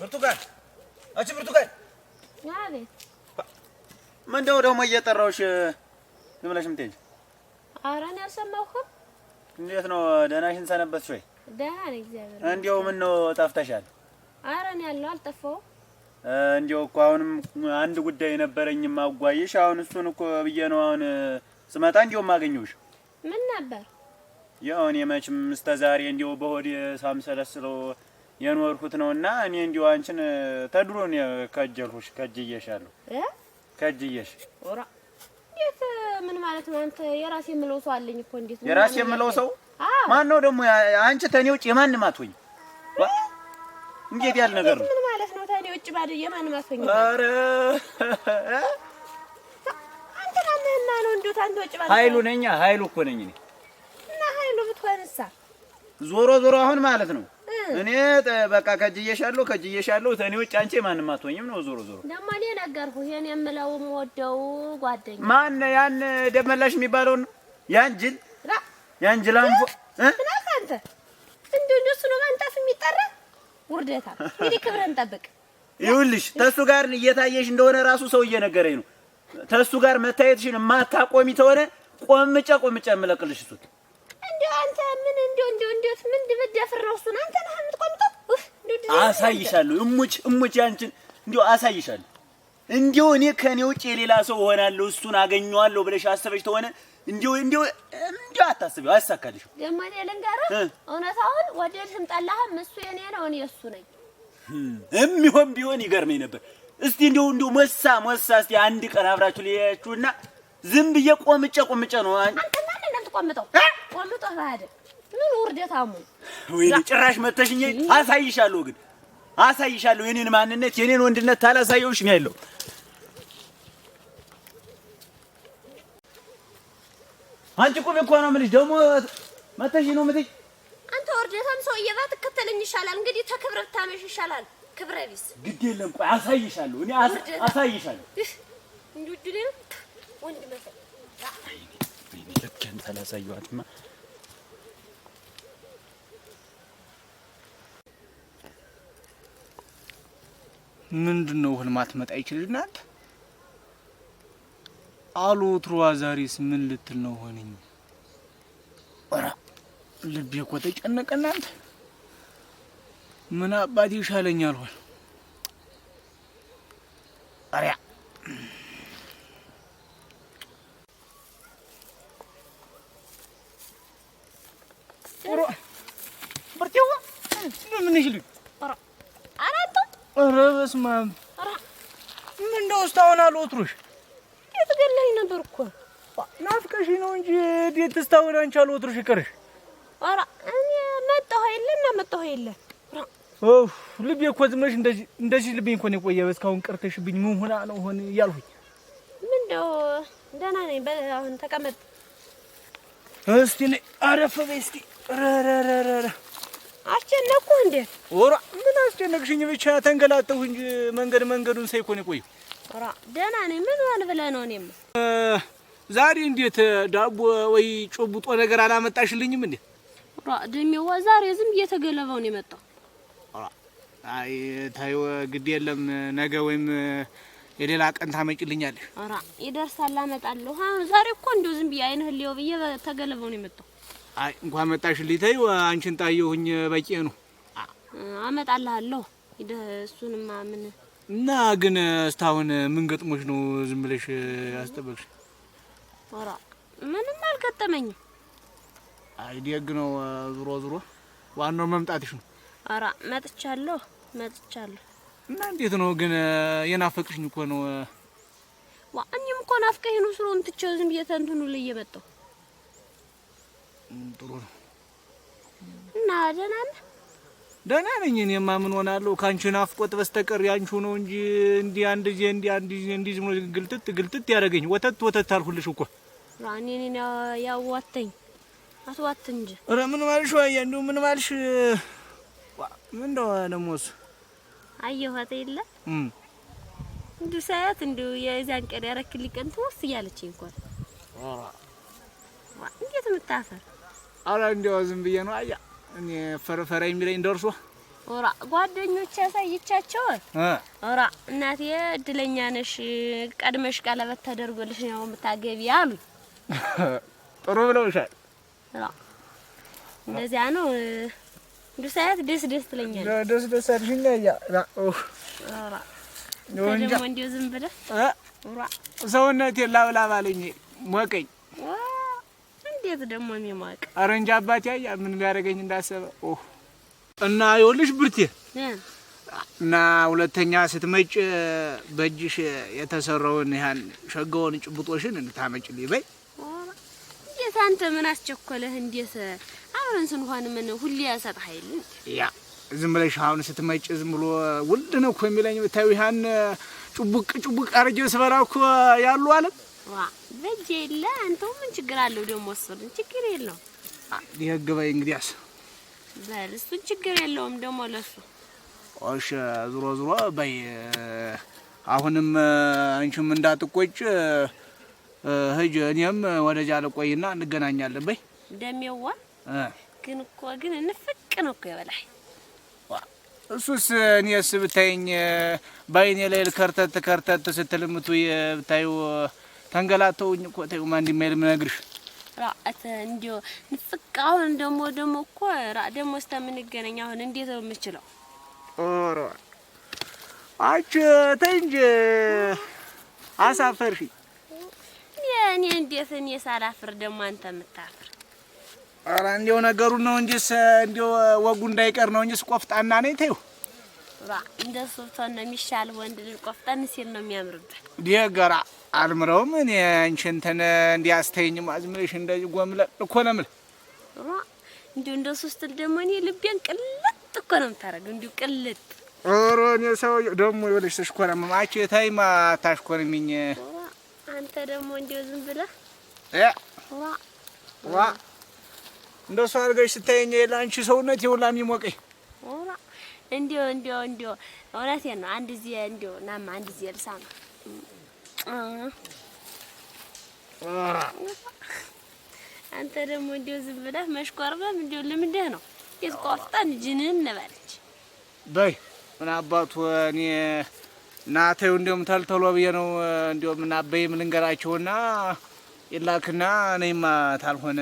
ብርቱካን፣ አንቺ ብርቱካን። አቤት። ምንድነው ደግሞ እየጠራሁሽ ዝም ብለሽ ኧረ እኔ አልሰማሁህም። እንዴት ነው ደህናሽን ሰነበትሽ ወይ? ደህና ነኝ እግዚአብሔር እንዲያው ምን ነው ጠፍተሻል? ኧረ እኔ ያለው አልጠፋሁም። እንዲያው እኮ አሁንም አንድ ጉዳይ ነበረኝ ማጓይሽ አሁን እሱን እኮ ብዬ ነው አሁን ስመጣ እንዲያው ማገኘሁሽ። ምን ነበር? ያው እኔ መቼም እስከ ዛሬ እንዲያው በሆድ ሳምሰለስለው የኖርኩት ነውና እኔ እንዲሁ አንቺን ተድሮ ነው ከጀልኩሽ። ከጅየሻለሁ ከጅየሽ። ኦራ እንዴት? ምን ማለት ነው? አንተ የራሴ የምለው ሰው አለኝ እኮ። እንዴት ነው የራሴ የምለው ሰው? ማን ነው ደግሞ? አንቺ ተኔ ውጭ የማንም አትሆኝ። እንዴት ያለ ነገር ነው? ምን ማለት ነው? ተኔ ውጭ ባድ የማንም አትሆኝ። ኧረ አንተ ነህና ነው እንዴት? ታንተ ውጭ ባድ ኃይሉ ነኛ ኃይሉ እኮ ነኝ እኔ እና ኃይሉ ብትሆንሳ ዞሮ ዞሮ አሁን ማለት ነው እኔ በቃ ከጅዬሻለሁ ከጅዬሻለሁ። እኔ ውጭ አንቺ ማንም አትሆኝም ነው። ዞሮ ዞሮ ደግሞ እኔ ነገርኩህ። ይሄን የምለው ጓደኛ ማን ያን ደመላሽ የሚባለው ነው። ያን ጅል ያን ጅል አንፎ አንተ እንዲሁ እሱ ነው የሚጠራ ውርደታ። እንግዲህ ክብረን ጠብቅ። ይኸውልሽ ተሱ ጋር እየታየሽ እንደሆነ ራሱ ሰው እየነገረኝ ነው። ተሱ ጋር መታየትሽን የማታቆሚ ተሆነ የምለቅልሽ አንተ ምን እንደው እንደው እንደው ምን ድብደፍረው እሱን አንተ ነህ የምትቆምጠው። አሳይሻለሁ። እሙች እሙች አንቺን እንደው አሳይሻለሁ። እንደው እኔ ከኔ ውጭ የሌላ ሰው እሆናለሁ እሱን አገኘዋለሁ ብለሽ አሰበሽ ተሆነ እንደው እንደው እንደው አታስቢው፣ አያሳካልሽም። ደግሞ እኔ ልንገርህ እውነታውን ወደድህም ጠላህም እሱ የኔ ነው፣ እኔ እሱ ነኝ። እሚሆን ቢሆን ይገርመኝ ነበር። እስቲ እንደው እንደው ሞሳ ሞሳ እስቲ አንድ ቀን አብራችሁ ልያያችሁና ዝም ብዬ ቆምጬ ቆምጬ ነው አንተ አይደል ጭራሽ መተሽኝ አሳይሻለሁ ግን አሳይሻለሁ የኔን ማንነት የኔን ወንድነት ታላሳየውሽ ነው ያለው አንቺ ቁም እኮ ነው የምልሽ ደግሞ መተሽ ነው የምትይ አንተ ወርደታም ሰውዬ ባትከተለኝ ይሻላል እንግዲህ ተክብር ብታመሽ ይሻላል ክብረ ቢስ ግድ የለም ቆይ አሳይሻለሁ እኔ አሳይሻለሁ እንዲሁ ወንድ መሰለኝ ልኬን ሳላሳየዋትማ ምንድን ነው ህልማት መጣ ይችልናት አሎትሮዋ ዛሬስ ምን ልትል ነው ሆነኝ? ኧረ ልቤ እኮ ተጨነቀ። እናንተ ምን አባቴ ይሻለኛል ሆን በስመ አብ ምነው እስካሁን አልወትሮሽ? የት ገላኝ ነበር እኮ ናፍቀሽ ነው እንጂ ቤት እስካሁን አንቺ አልወትሮሽ ይቀርሽ። ኧረ እኔ መጣሁ የለ እና መጣሁ የለ ልቤ እኮ ዝመሽ እንደዚህ እንደዚህ ልቤ እንኳን የቆየ እስካሁን ቀርተሽብኝ ምን ሆና ነው ሆን እያልሁኝ ምነው ደህና ነኝ። አሁን ተቀመጥ እስቲ፣ አረፍ በይ እስቲ። ኧረ ኧረ ኧረ አስጨነቅኩ እንዴ? ወራ ምን አስጨነቅሽኝ? ብቻ ተንገላጠሁ እንጂ መንገድ መንገዱን ሳይኮን የቆየሁ። ወራ ደህና ነኝ። ምን ሆን ብለ ነው? እኔም ዛሬ እንዴት ዳቦ ወይ ጮቡጦ ነገር አላመጣሽልኝም እንዴ? ወራ ድሜዋ ዛሬ ዝም እየተገለበው ነው የመጣው። ወራ አይ ታይወ ግድ የለም ነገ ወይም የሌላ ቀን ታመጭልኛለሽ። ወራ ይደርሳል፣ አመጣለሁ። አሁን ዛሬ እኮ እንደው ዝም ብዬ አይንህ ሊው ብዬ ተገለበው ነው የመጣው አይ እንኳን መጣሽ ሊተይ አንቺን ታየሁኝ በቂ ነው። አመጣልሃለሁ ሂደህ እሱንማ ምን እና ግን እስካሁን ምን ገጥሞሽ ነው ዝም ብለሽ ያስጠበቅሽ? ኧረ ምንም አልገጠመኝም። አይ ደግ ነው። ዝሮ ዝሮ ዋናው መምጣትሽ ነው። ኧረ መጥቻለሁ መጥቻለሁ። እና እንዴት ነው ግን የናፈቅሽኝ እኮ ነው። ዋ እኔም እኮ ናፍቀኝ ነው። ስሮን ትቼው ዝም ብዬ ተንትኑ ልዬ ጥሩ ነው። እና ደህና ነህ? ደህና ነኝ። እኔማ ምን ሆናለሁ ከአንቺ ናፍቆት በስተቀር ያንቺው ነው እንጂ እንዲህ አንድ ጊዜ እንዲህ አንድ ጊዜ እንዲህ ዝም ብሎ ግልጥት ግልጥት ያደረገኝ ወተት ወተት አልሁልሽ እኮ እኔን ያዋተኝ አትዋት እንጂ። ኧረ ምን ማልሽ ወይ እንዲሁ ምን ማልሽ ምንድነው ደግሞ እሱ አየኋት የለ እንዲሁ ሳያት እንዲሁ የዚያን ቀን ያረክልኝ ቀን ትወስ እያለችኝ እንኳን እንዴት የምታፈር አረ እንደው ዝም ብዬ ነው። አያ እኔ ፈረፈራ የሚለኝ ደርሶ ኦራ ጓደኞች ያሳይቻቸውን ኦራ እናቴ እድለኛ ነሽ፣ ቀድመሽ ቀለበት ተደርጎልሽ ነው የምታገቢ አሉ። ጥሩ ብለውሻል። ኦራ እንደዚያ ነው። ዱሳያት ደስ ደስ ትለኛለህ። ደስ ደስ አድርሽኛ ያ ኦራ ደግሞ እንዲያው ዝም ብለህ ኦራ ሰውነቴ ላብላብ አለኝ ሞቀኝ እንዴት ደግሞ የሚማቅ ኧረ እንጃ አባቴ አያ ምን ሊያደርገኝ እንዳሰበ እና ይኸውልሽ ብርቴ እና ሁለተኛ ስትመጭ በእጅሽ የተሰራውን ያን ሸጋውን ጭብጦሽን እንድታመጭልኝ በይ። እንዴት አንተ ምን አስቸኮለህ? እንዴት አብረን ስንሆን ምን ሁሌ ያሰጥህ አይልም? ያ ዝም ብለሽ አሁን ስትመጭ ዝም ብሎ ውድ ነው እኮ የሚለኝ ብታዪው ያን ጩቡቅ ጩቡቅ አርጀ ስበላ እኮ ያሉ አለም ዋ በጄ የለ አንተው ምን ችግር አለው ደግሞ? እሱን ችግር የለውም። የህግ በይ እንግዲያስ በል እሱን ችግር የለውም ደግሞ ለሱ። እሺ ዝሮ ዝሮ በይ አሁንም አንቺም እንዳትቆጭ ህጅ እኔም ወደጃ ልቆይና እንገናኛለን። በይ ደሜዋ ግን እኮ ግን እንፍቅ ነው እኮ የበላይ እሱስ እኔስ ብታይኝ በአይኔ ላይ ልከርተት ከርተት ስትልምቱ ብታዩ ተንገላተውኝ እኮ ተይውማ እንዲህ የማይል የምነግርሽ ራአት እንዲሁ ንፍቅ አሁን ደግሞ ደግሞ እኮ ራ ደግሞ እስከምንገናኝ አሁን እንዴት ነው የምችለው? ኧረ አንቺ ተይ እንጂ አሳፈርሽ። እኔ እንዴት እኔ ሳላፍር ደግሞ አንተ የምታፍር? ኧረ እንዲሁ ነገሩን ነው እንጂስ እንዲሁ ወጉ እንዳይቀር ነው እንጂስ ቆፍጣና ነኝ ተይው። ራ እንደሱ ብትሆን ነው የሚሻል። ወንድ ልጅ ቆፍጠን ሲል ነው የሚያምርበት። ዲገራ አልምረውም እኔ አንቺ እንትን እንዲያስተኝም አዝምልሽ እንደዚህ ጎምለጥ እኮ ነው የምልህ። እንዲሁ እንደ ሶስት ደግሞ እኔ ልቤን ቅልጥ እኮ ነው የምታደርገው። እንዲሁ ቅልጥ ኧረ እኔ ሰውዬው ደግሞ ይኸውልሽ ትሽኮረምም አች ተይማ አታሽኮርሚኝ። አንተ ደግሞ እንዲሁ ዝም ብለህ ዋ ዋ እንደሱ አድርገሽ ስታየኝ ለአንቺ ሰውነት የውላ የሚሞቀኝ እንዲሁ እንዲሁ እንዲሁ እውነቴን ነው። አንድ ጊዜ እንዲሁ ናማ አንድ ጊዜ ልሳማ አንተ ደግሞ እንዲሁ ዝም ብለህ መሽኮርመም እንዲሁ ልምድህ ነው። የትቆፍጠን ጅንህን ንበለች በይ ምን አባቱ እኔ ናተዩ እንዲሁም ተልተሎ ብዬ ነው እንዲሁም እናበይ ምልንገራቸውና ይላክና እኔማ ታልሆነ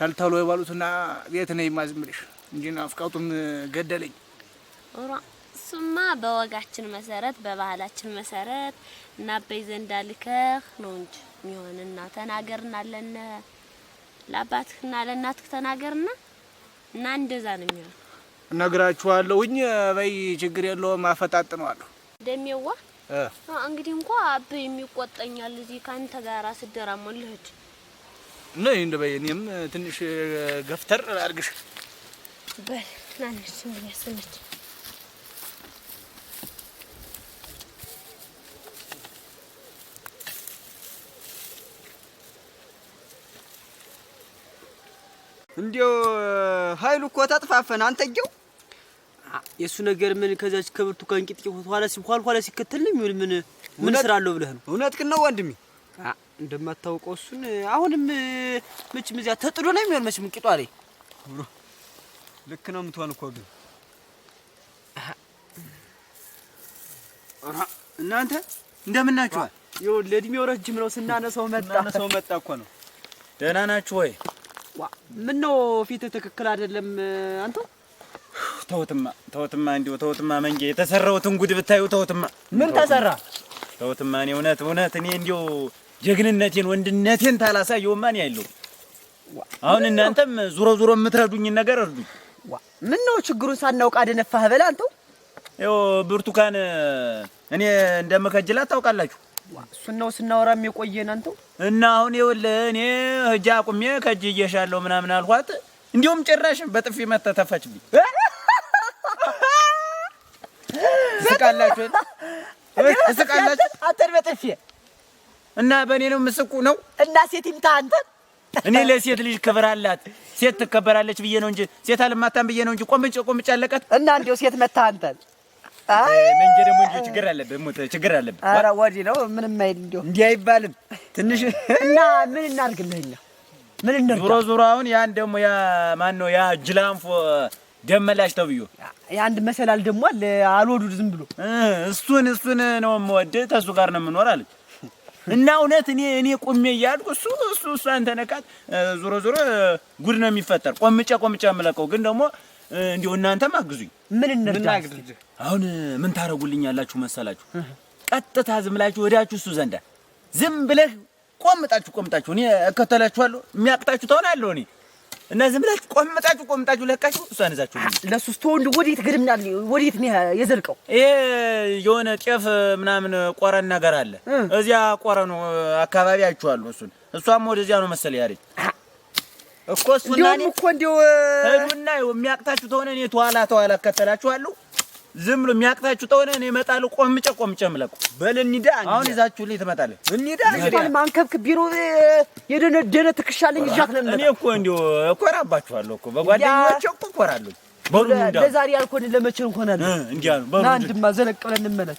ተልተሎ የባሉትና ቤት ነይማ ዝም ብለሽ እንጂ ናፍቃቱም ገደለኝ። እሱማ በወጋችን መሰረት በባህላችን መሰረት እና አበይ ዘንዳ ልከህ ነው እንጂ የሚሆንና ተናገርና ለነ ለአባትህና ለእናትህ ተናገርና እና እንደዛ ነው የሚሆን። እነግራችኋለሁኝ በይ ችግር የለውም አፈጣጥነዋለሁ። ደሜዋ እንግዲህ እንኳ አበይ የሚቆጠኛል እዚህ ካንተ ጋራ ስደራሞልህት ነይ እንደ በይ እኔም ትንሽ ገፍተር አድርግሽ በል ናንሽ ምን ያሰነች እንዲያው ኃይሉ እኮ ተጥፋፈን አንተየው የእሱ ነገር ምን ከዛች ከዚያች ከብርቱካን ቂጥ ኋላ ኋል ኋላ ሲከተል ነው የሚውል። ምን ምን ስራ አለው ብለህ ነው? እውነትህን ነው ወንድሜ። እንደማታውቀው እሱን አሁንም መቼም እዚያ ተጥዶ ነው የሚሆን። መቼም ቂጧ ላይ ልክ ነው የምትሆን እኮ ግን እናንተ እንደምናችኋል? ይኸውልህ ለእድሜው ረጅም ነው ስናነሳው መጣ። ስናነሳው መጣ እኮ ነው። ደህና ናችሁ ወይ? ምን ነው ፊት ትክክል አይደለም። አንተ ተውትማ፣ ተውትማ፣ እንዲሁ ተውትማ። መንጌ የተሰራውትን ጉድ ብታዩ ተውትማ። ምን ተሰራ? ተውትማ። እኔ እውነት እውነት እኔ እንዲሁ ጀግንነቴን ወንድነቴን ታላሳየውማ እኔ ያለው አሁን እናንተም ዙሮ ዙሮ የምትረዱኝ ነገር እርዱኝ። ምን ነው ችግሩን ሳናውቅ አደነፋህ በላ አንተው። ይኸው ብርቱካን እኔ እንደምከጅላት ታውቃላችሁ ስናው ስናወራ የሚቆየን አንተ እና አሁን ይኸውልህ እኔ ህጃ አቁሜ ከእጅ እየሻለሁ ምናምን አልኳት። እንዲሁም ጭራሽን በጥፊ መታ ተፋችብኝ። እስቃላችሁ እስቃላችሁ አንተን በጥፊ እና በእኔ ነው ምስቁ ነው እና ሴት ይምታ አንተን እኔ ለሴት ልጅ ክብር አላት። ሴት ትከበራለች ብዬ ነው እንጂ ሴት አልማታን ብዬ ነው እንጂ ቆምጭ ቆምጭ አለቀት እና እንዲያው ሴት መታ አንተን መንጀ ደግሞ እንዲሁ ችግር አለብህ፣ ሞት ችግር አለብህ። ኧረ ወዲህ ነው ምንም አይል እንዲሁ እንዲህ አይባልም። ትንሽ እና ምን እናድርግልህ ነው ምን እንደርጋ ዙሮ ዙሮ አሁን ያን ደግሞ ያ ማን ነው ያ ጅላንፎ ደመላሽ ተብዮ የአንድ መሰላል ደግሞ አለ አልወዱድ ዝም ብሎ እሱን እሱን ነው የምወድህ ተሱ ጋር ነው የምኖር አለች እና እውነት እኔ እኔ ቆሜ እያልኩ እሱ እሱ እሷን ተነካት። ዙሮ ዙሮ ጉድ ነው የሚፈጠር ቆምጬ ቆምጬ የምለቀው ግን ደግሞ እንዲሁ እናንተም አግዙኝ። ምን እንርዳ? አሁን ምን ታረጉልኝ ያላችሁ መሰላችሁ? ቀጥታ ዝም ብላችሁ ወዳችሁ እሱ ዘንዳ ዝም ብለህ ቆምጣችሁ ቆምጣችሁ እኔ እከተላችኋለሁ። የሚያቅጣችሁ ተሆን አለሁ እኔ እና ዝም ብላችሁ ቆምጣችሁ ቆምጣችሁ ለካችሁ ለቃችሁ እሷን እዛችሁ ለእሱ ስትወንድ ወዴት ግድምናል? ወዴት ነው የዘልቀው? ይሄ የሆነ ጤፍ ምናምን ቆረን ነገር አለ እዚያ ቆረኑ አካባቢ አይቼዋለሁ። እሱን እሷም ወደዚያ ነው መሰለኝ ያሬ እኮ እሱና እኔ እኮ እንደው ሂዱና የሚያቅታችሁ ተሆነ እኔ ተኋላ ተኋላ እከተላችኋለሁ። ዝም ብሎ የሚያቅታችሁ ተሆነ እኔ እመጣለሁ። ቆምጬ ቆምጬ ምለቁ በል እንሂዳ። አሁን ይዛችሁልኝ ትመጣለህ። እንሂዳ እንግዲህ ማንከብክቤ ነው የደነደነ ትክሻለኝ እጃት ለምን እኔ እኮ እንደው እኮራባችኋለሁ እኮ በጓደኞቼ እኮ እኮራለሁ። በሉ እንሂዳ። ለዛሬ ያልኩህን ለመቼ እንሆናለን እንዲያ ነው። በሉ እንሂድ። ዘለቅ ብለን እንመለስ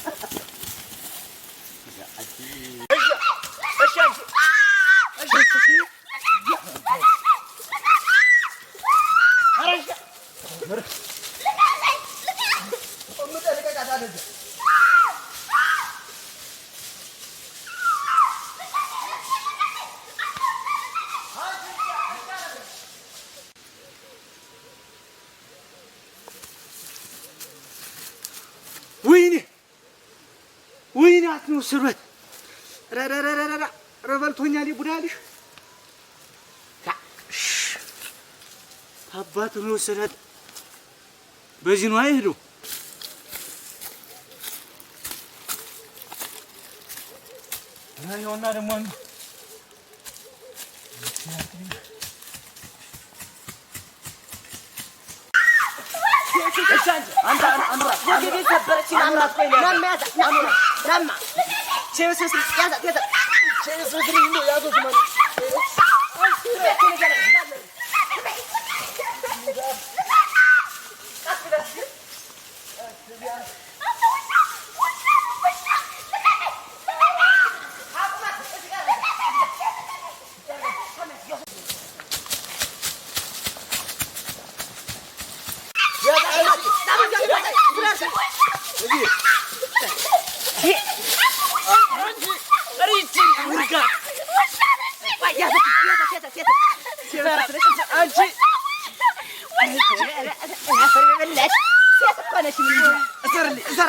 哎呀哎呀哎呀 ገብቶኛል። ቡዳ ልሽ አባቱን ወሰዳት። በዚህ ነው አይሄዱ ይኸውና ደግሞ አንተ Şey sırtını yine yaz o zaman.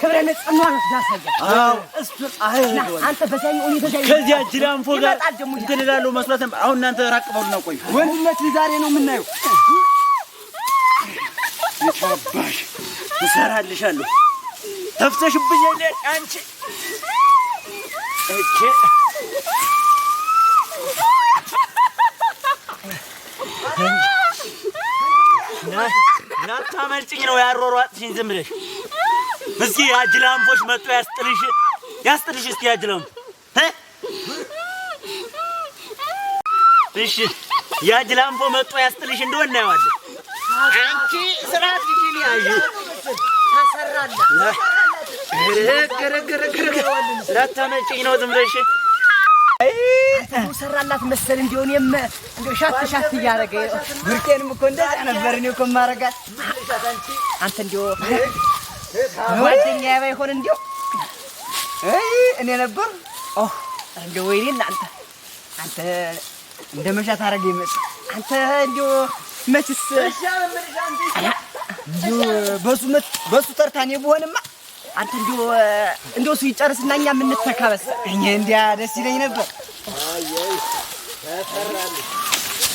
ክብረ ንጽህና ላሳያል። እሱ ፀሐይ ጋር እንትን አሁን እናንተ ራቅ በሉና ቆዩ። ወንድነት ዛሬ ነው የምናየው። ይባባሽ እሰራልሻለሁ። ተፍተሽብኝ አንቺ ናታመልጭኝ ነው ያሯሯጥሽኝ ዝም እስኪ ያጅላምቦች መጡ ያስጥልሽ፣ ያስጥልሽ። እስኪ ያጅላም እሺ፣ ያጅላምቦ መጡ ያስጥልሽ እንደሆነ እናየዋለን። አንቺ ስራት ይችላል ያዩ ታሰራላችሁ ነው ዝም ብለሽ ሰራላት መሰል እንዲሆን ሻት ሻት እያደረገ ብርቄንም እኮ ነበር እኔ እኮ የማደርጋት አንተ ጓደኛ ባይሆን እንዲያው እኔ ነበር። እንደው ወይኔ እናንተ አንተ እንደ መሻ ታረግ ይመስል አንተ እንደው መችስ በሱ ተርታ እኔ ብሆንማ አንተ እንደው እሱ ይጨርስና እኛ የምንተካ መሰል እኔ እንዲያ ደስ ይለኝ ነበር።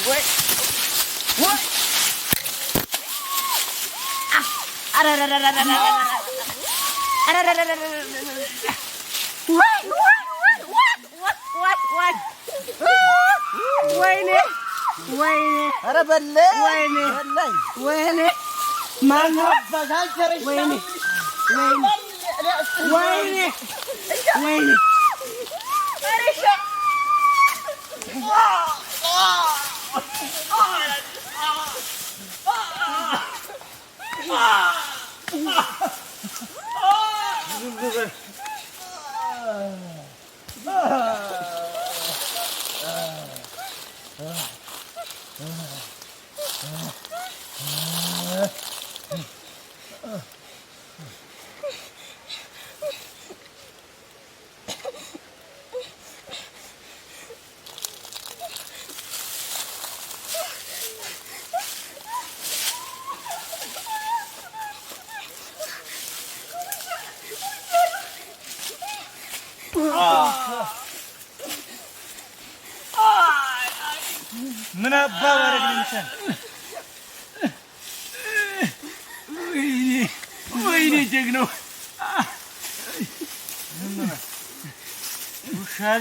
ወይ ወይ What? What? What? What? What? What? ወይኔ ወይኔ! ኧረ በለኝ! ወይኔ! ወይኔ! ማነው ወይኔ! ወይኔ! ወይኔ! Ah! 중독을 ምናባ ባረግ እንትን ወይኔ ወይኔ ጀግናው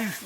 ነው